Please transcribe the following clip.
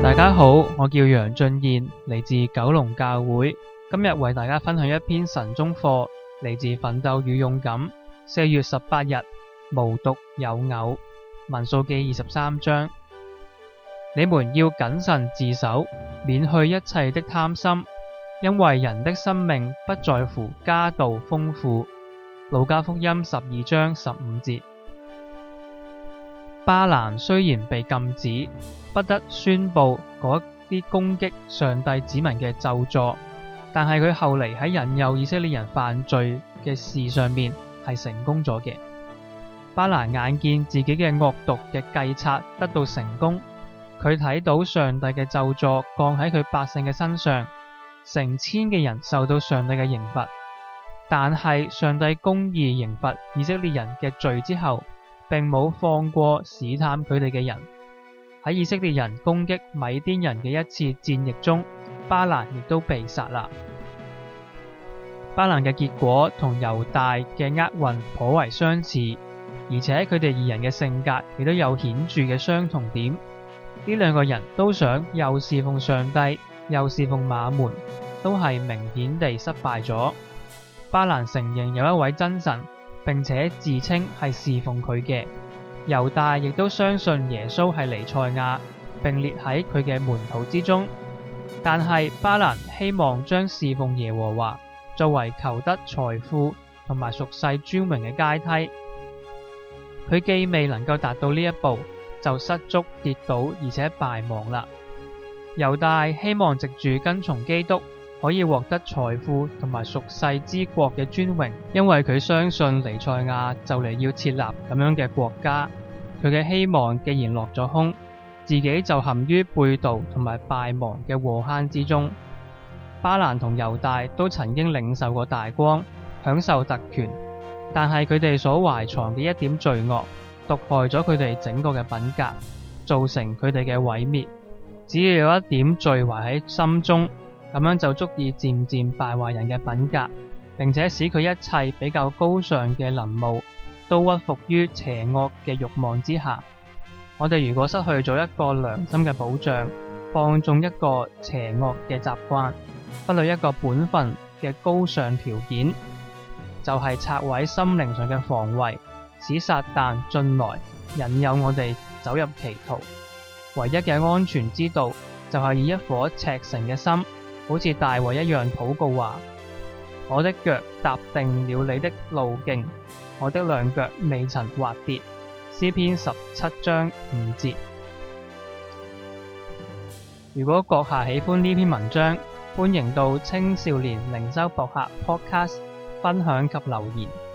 大家好，我叫楊俊彥，嚟自九龍教會。今日為大家分享一篇神中課，嚟自《奮鬥與勇敢》。四月十八日，無獨有偶，《民數記》二十三章，你們要謹慎自守，免去一切的貪心，因為人的生命不在乎家道豐富，《路加福音》十二章十五節。巴蘭雖然被禁止，不得宣佈嗰啲攻擊上帝子民嘅咒詛，但係佢後嚟喺引誘以色列人犯罪嘅事上面係成功咗嘅。巴蘭眼見自己嘅惡毒嘅計策得到成功，佢睇到上帝嘅咒詛降喺佢百姓嘅身上，成千嘅人受到上帝嘅刑罰。但係上帝公義刑罰以色列人嘅罪之後。並冇放過試探佢哋嘅人。喺以色列人攻擊米甸人嘅一次戰役中，巴蘭亦都被殺啦。巴蘭嘅結果同猶大嘅厄運頗為相似，而且佢哋二人嘅性格亦都有顯著嘅相同點。呢兩個人都想又侍奉上帝，又侍奉馬門，都係明顯地失敗咗。巴蘭承認有一位真神。並且自稱係侍奉佢嘅猶大，亦都相信耶穌係尼賽亞，並列喺佢嘅門徒之中。但係巴蘭希望將侍奉耶和華作為求得財富同埋屬世尊榮嘅階梯，佢既未能夠達到呢一步，就失足跌倒，而且敗亡啦。猶大希望藉住跟從基督，可以獲得財富同埋屬世之國嘅尊榮，因為佢相信尼塞亞就嚟要設立咁樣嘅國家。佢嘅希望既然落咗空，自己就陷於背道同埋敗亡嘅禍坑之中。巴蘭同猶大都曾經領受過大光，享受特權，但係佢哋所懷藏嘅一點罪惡，毒害咗佢哋整個嘅品格，造成佢哋嘅毀滅。只要有一點罪懷喺心中。咁樣就足以漸漸敗壞人嘅品格，並且使佢一切比較高尚嘅林務都屈服於邪惡嘅慾望之下。我哋如果失去咗一個良心嘅保障，放縱一個邪惡嘅習慣，忽略一個本分嘅高尚條件，就係拆毀心靈上嘅防衛，使撒旦進來引誘我哋走入歧途。唯一嘅安全之道就係以一顆赤誠嘅心。好似大衛一樣禱告話：我的腳踏定了你的路徑，我的兩腳未曾滑跌。詩篇十七章五節。如果閣下喜歡呢篇文章，歡迎到青少年靈修博客 Podcast 分享及留言。